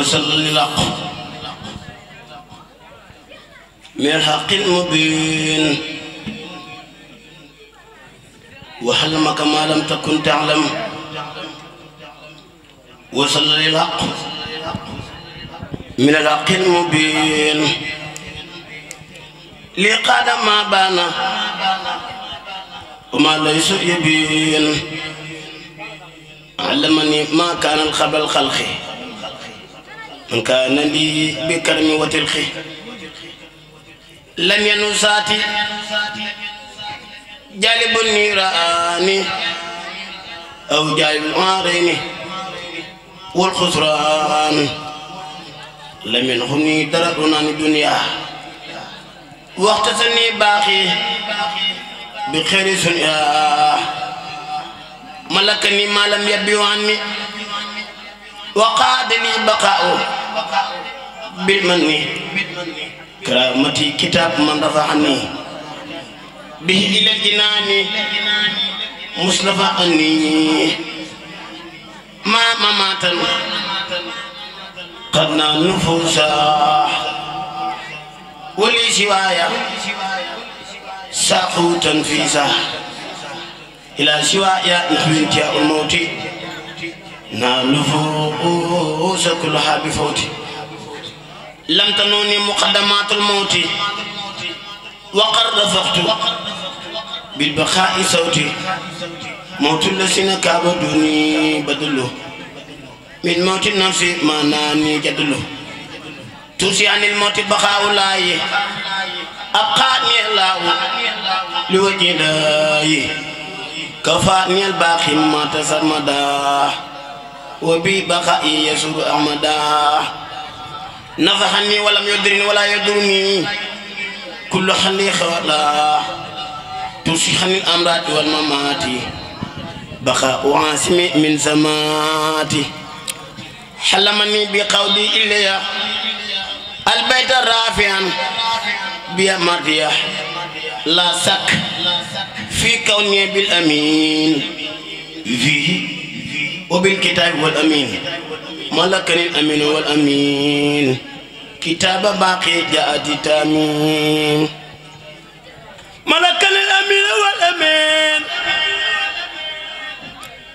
وصل للحق من حق مبين وحلمك ما لم تكن تعلم وصل للحق من الحق المبين لقد ما بان وما ليس يبين علمني ما كان الخبر الخلقي man kaana lii bi karmi watil xi lam yanu saati jaalibun niiraani aw jaalibul maarayni wal xusraani lam yanxum ni dara dunaani duniyaa waxta sa nii baaxi bi xeeri sun yaa malaka ni maalam yabbi waan ni waqaade lii baqaawu bit man ni karamati kitab man rafa'ani bihi ila jinani mustafa anni ma mamatan قد نفوسا ولي سوايا ساقوتا فيسا إلى سوايا نحو انتهاء الموت نال فوق كلها بفوتي لم تنوني مقدمات الموت وقد رفقت بالبقاء صوتي موت الذين كابدوني بدله من موت النفس ما ناني جدله توسي عن الموت بقاء لاي أبقاني الله لوجه لاي كفاني الباقي ما تسرمدا وببقاء يسر أحمدا نفحني ولم يدرني ولا يدرني كل حلي خلا تسيحني الأمراض والممات بقاء عاصم من سماتي حلمني بقولي إليا البيت الرافعا بيا مريا لا سك في كوني بالأمين فيه وبالكتاب والأمين ملكا الأمين والأمين كتاب باقي جاء تامين ملكا الأمين والأمين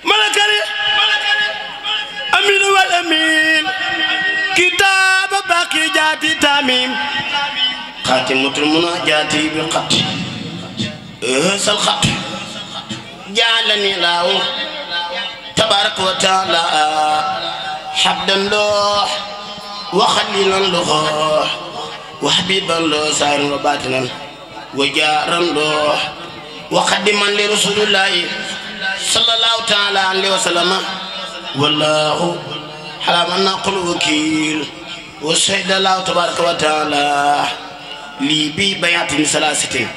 ملكا الأمين والأمين كتاب باقي جاء تامين خاتمة المناجات بالخط هذا الخط جعلني الله تبارك وتعالى حبدا لوح وخليلا لوح وحبيبا له سائر وباطنا وجارا له وخدما لرسول الله صلى الله تعالى عليه وسلم والله حرام أن أقول وكيل وشهد الله تبارك وتعالى لي بي بيعت ثلاثة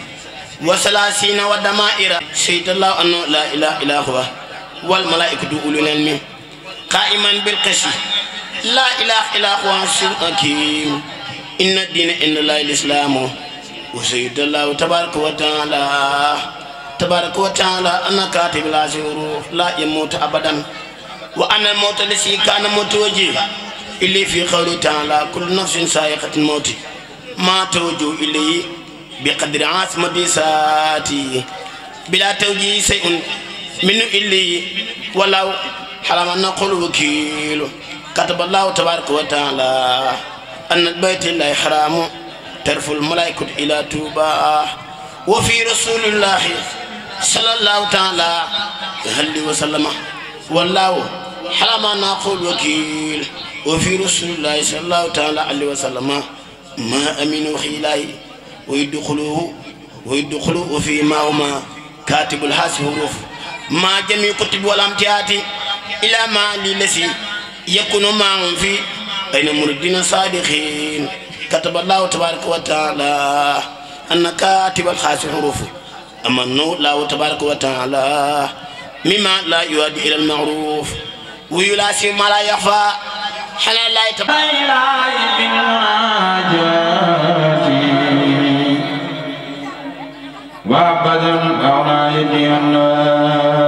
وثلاثين ودمائر شهد الله أنه لا إله إلا هو wal malaikatu ulul ilmi qa'iman bil qisti la ilaha illa huwa hakim inna diina inda llahi al wa sayyidullahu tabaraka wa ta'ala tabaraka wa ta'ala ana katib la zuru la yamut abadan wa ana al-mawt alladhi kana mutawajji illi fi qawli ta'ala kullu nafsin sa'iqatul mawt ma tawajju ilayhi bi qadri asmati saati bila tawji say'un منه إلي ولو حرم أن نقول وكيل كتب الله تبارك وتعالى أن البيت الله حرام ترف الملائكة إلى توبة وفي رسول الله صلى الله تعالى عليه وسلم والله حرم أن نقول وكيل وفي رسول الله صلى الله تعالى عليه وسلم ما أمين وحي الله ويدخلوه ويدخلوه فيما وما كاتب الحاسب الوفي ما جميع كتب والامتيات إلى ما للذي يكون معهم في أين مردين صادقين كتب الله تبارك وتعالى أن كاتب الخاص حروف أما الله تبارك وتعالى مما لا يؤدي إلى المعروف ويلاسي ما لا يخفى حلال الله تبارك وتعالى وعبدا أعنى يدي النار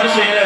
वर्षे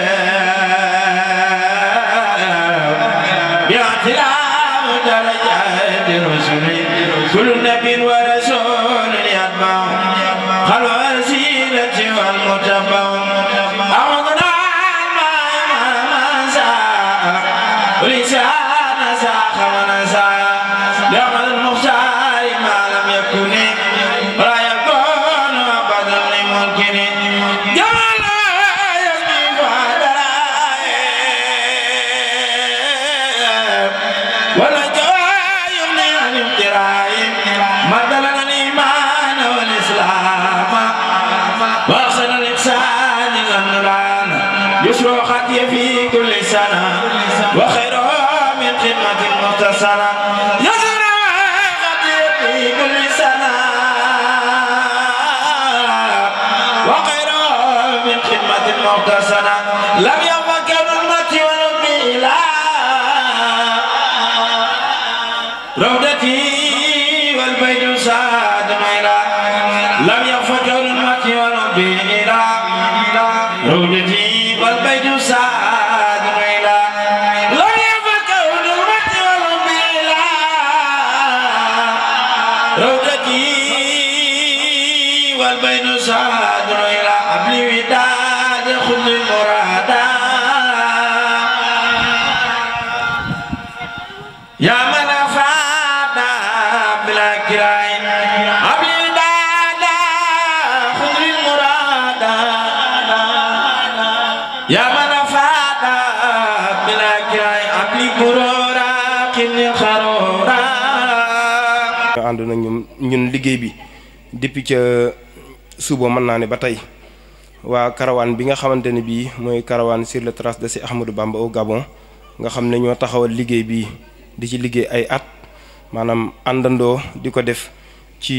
والبين ساد إلى حبل وداد خذ المرادا يا من أفادا بلا كراي حبل وداد خذ المرادا يا من أفادا بلا كراي حبل برورا كن خرورا ànd na ñun liggéey bi depuis ca suba mën naa ne ba tey waa karawaan bi nga xamante ne bii mooy karawaan sur le traces de si Ahmadou Bamba au Gabon nga xam ne ñoo taxawal liggéey bii di ci liggéey ay at maanaam àndandoo di ko def ci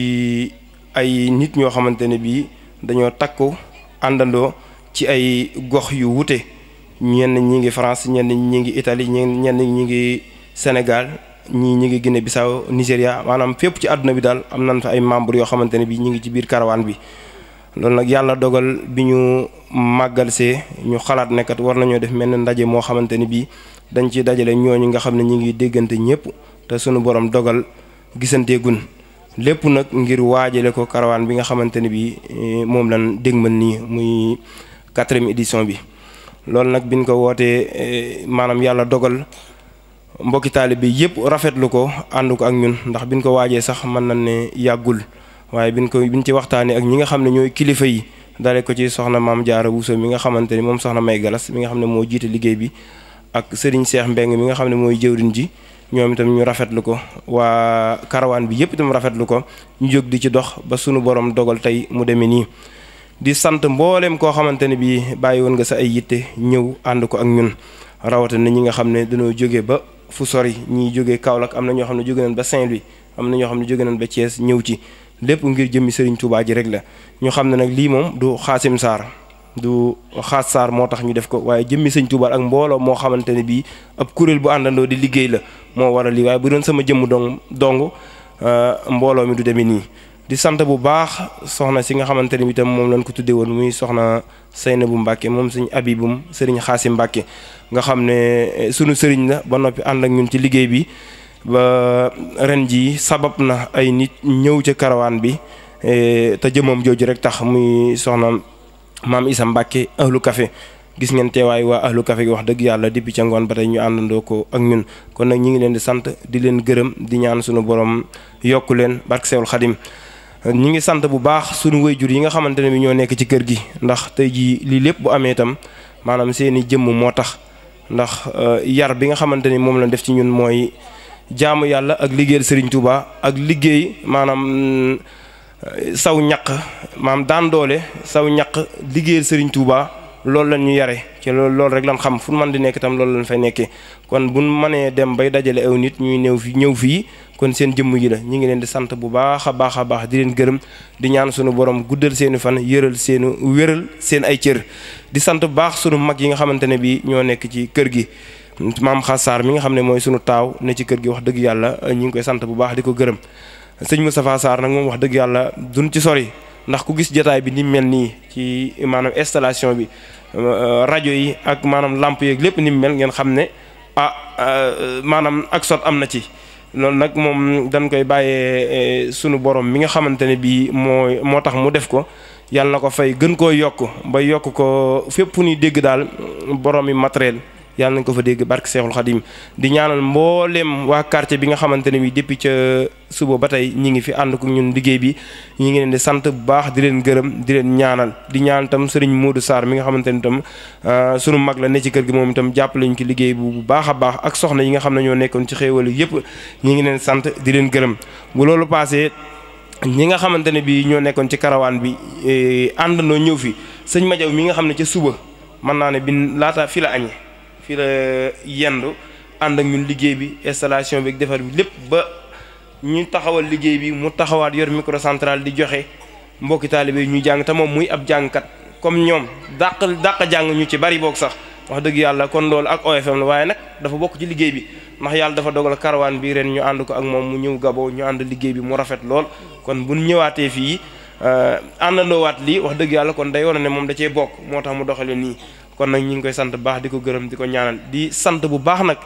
ay nit ñoo xamante ne bii dañoo takku àndandoo ci ay gox yu wute ñenn ñi ngi France ñenn ñi ngi Italie ñenn ñi ngi Sénégal ñii ñi ngi Guinée Bissau Nigéria maanaam fépp ci àdduna bi daal am nañ fa ay membres yoo xamante ne bii ñu ngi ci biir karawaan bi. loolu nag yàlla dogal bi ñu màggal see ñu xalaat nekkat war nañoo def mel ndaje moo xamante ni bii dañ ci dajale ñooñu nga xam ne ñu ngi déggante ñëpp te suñu borom dogal gisanteegun lépp nag ngir waajale ko karawaan bi nga xamante ne bii eh, moom lan dégmal nii muy quatrième édition bi. loolu nag bi biñ ko wootee eh, maanaam yàlla dogal mbokki taalibe bi yëpp rafetlu ko ànd ko ak ñun ndax biñ ko waajee sax mën na ne yàggul. waaye biñ ko biñ ci waxtaanee ak ñi nga xam ne ñooy kilifa yi dale ko ci soxna maam jaara Bousso mi nga xamante ni moom soxna may galas mi nga xam ne moo jiite liggéey bi ak sëriñ seex mbeng mi nga xam ne mooy jëwrin ji ñoom itam ñu rafet lu ko waa karawaan bi yëpp itam lu ko ñu jóg di ci dox ba sunu borom dogal tey mu demee nii di sant mbooleem koo xamante ne bii bàyyi woon nga sa ay yitte ñëw ànd ko ak ñun rawatina ñi nga xam ne dañoo jóge ba fu sori ñiy jógee Kaolack am na ñoo xam ne jóge nañ ba saint am na ñoo xam ne jóge nañ ba Thiès ñëw ci lépp ngir jëmmi Serigne Touba ji rek la ñu xam ne nag lii moom du xaasim saar du xaas saar moo tax ñu def ko waaye jëmmi Serigne Touba ak mbooloo moo xamante ne bii ab kuréel bu àndandoo di liggéey la moo waral lii waaye bu doon sama jëmm dong dong euh, mbooloo mi du demee nii. di sant bu baax soxna si nga xamante ne bi tam moom lañ ko tuddee woon muy soxna bu Mbacke moom suñu abibum Serigne Xaasim Mbacke nga xam ne euh, sunu Serigne la ba noppi ànd ak ñun ci liggéey bi. ba ren jii sabab na ay nit ñëw ci karawaan bi eh, te jëmoom jooju rek tax muy soxna maam Isa Mbàkke ahlu kafe gis ngeen teewaay waa ahlu kafe gi wax dëgg yàlla depuis ca ngoon ba tey ñu àndandoo ko ak ñun kon nag ñu ngi leen di sant di leen gërëm di ñaan suñu borom yokku leen barke Sewul Xadim ñu ngi sant bu baax suñu jur yi nga xamante ne bi ñoo nekk ci kër gi ndax tey jii lii lépp bu amee itam maanaam seeni jëmm moo tax ndax eh, yar bi nga xamante ni moom la def ci ñun mooy jaamu yàlla ak liggéeyal Serigne Touba ak liggéey maanaam euh, saw ñaq maam daan doole saw ñaq liggéeyal Serigne Touba loolu la ñu yare ci lool lool rek lan xam fu man di nekk itam loolu lañu fay nekkee kon buñ mënee dem bay dajale aw nit ñuy ñëw fi ñëw fii kon seen jëmm yi la ñu ngi leen di sant bu baax a baax a baax di leen gërëm di ñaan sunu borom guddal seeni fan yëral seeni wéral seen ay cër di sant bu baax sunu mag yi nga xamante ne bii ñoo nekk ci kër gi maam saar mi nga xam ne mooy sunu taaw ne ci kër gi wax dëgg yàlla ñu ngi koy sant bu baax di ko gërëm sëñ Moustapha Sarr nag moom wax dëgg yàlla duñ ci sori ndax ku gis jotaay bi ni mel nii ci maanaam installation bi euh, rajo yi ak maanaam làmp yeeg lépp ni mel ngeen xam ne ah euh, maanaam ak sot am na ci loolu nag moom dan koy bàyyee euh, sunu borom mi nga xamante ne bii mooy moo tax mu def ko yàlla na ko fay gën koo yokk ba yokk ko fépp nuy dégg daal borom yi matériel. yàlla nañ ko fa dégg barke Seexul Xadim di ñaanal mbooleem waa quartier bi nga xamante ne bi depuis ca suba ba tey ñi ngi fi ànd ko ñun liggéey bi ñi ngi di sant bu baax di leen gërëm di leen ñaanal di ñaan itam sëriñ Modou Sarr mi nga xamante ni itam ah, sunu mag la ne ci kër gi moom itam jàppale ñu ci liggéey bu baax a baax ak soxna yi nga xam ne ñoo nekkoon ci xéewal yëpp ñi ngi leen sant di leen gërëm bu loolu paasee ñi nga xamante ne bi ñoo nekkoon ci karawaan bi eh, ànd noo ñëw fi sëñ Madiaw mi nga xam ne ca suba mën naa ne bi laata fi la añee fii la yendu ànd ak ñun liggéey bi installation bi ak defar bi lépp ba ñu taxawal liggéey bi mu taxawaat yor microcentrale di joxe mbokki taalibe yi ñuy jàng te moom muy ab jàngkat comme ñoom dàq dàq jàng ñu ci bari boog sax wax dëgg yàlla kon loolu ak OFM la waaye nag dafa bokk ci liggéey bi ndax yàlla dafa dogal karawaan bi ren ñu ànd ko ak moom mu ñëw gaboo ñu ànd liggéey bi mu rafet lool kon bu ñëwaatee fii euh, àndandoowaat lii wax dëgg yàlla kon day wane ne moom da cee bokk moo tax mu doxale nii kon nag ñu ngi koy sant baax di ko gërëm di ko ñaanal di sant bu baax nag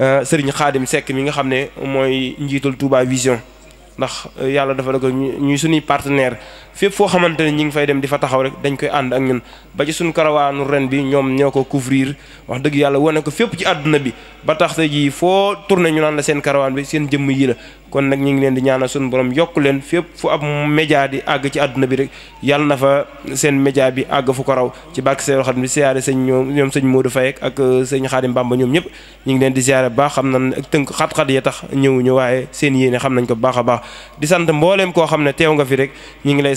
euh, sëriñ xaadim sekk mi nga xam ne mooy njiitul Touba Vision ndax euh, yàlla dafa la ko ñuy suñuy partenaire fépp foo xamante ne ñi ngi fay dem di fa taxaw rek dañ koy ànd ak ñun ba ci suñ karawaanu ren bi ñoom ñoo ko couvrir wax dëgg yàlla wane ko fépp ci àdduna bi ba tax tey jii foo tourné ñu naan la seen karawaan bi seen jëmm yi la kon nag ñu ngi leen di ñaanal suñu borom yokku leen fépp fu ab média àgg ci àdduna bi rek yàlla na fa seen média bi àgg fu ko raw ci bàkk seen xam bi siyaare sëñ ñoom ñoom sëñ Modou Faye ak euh, sëñ Xaadim Bamba ñoom ñëpp ñu ngi leen di siyaare baax xam nañ ak tënk xat-xat ya tax ñëw ñu waaye seen yéene xam nañ ko baax a baax di sant mbooleem koo xam ne teew nga fi rek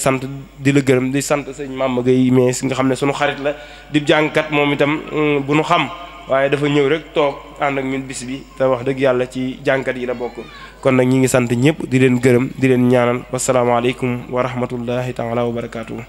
sant di la gërëm di sant sëñ Mame Gueye mais nga xam ne sunu xarit la di jàngkat moom itam mm, bu nu xam waaye dafa ñëw rek toog ànd ak ñun bis bi te wax dëgg yàlla ci jàngkat yi la bokk kon nag ñi ngi sant ñëpp di leen gërëm di leen ñaanal wasalaamaaleykum wa rahmatullahi taala wa barakaatu.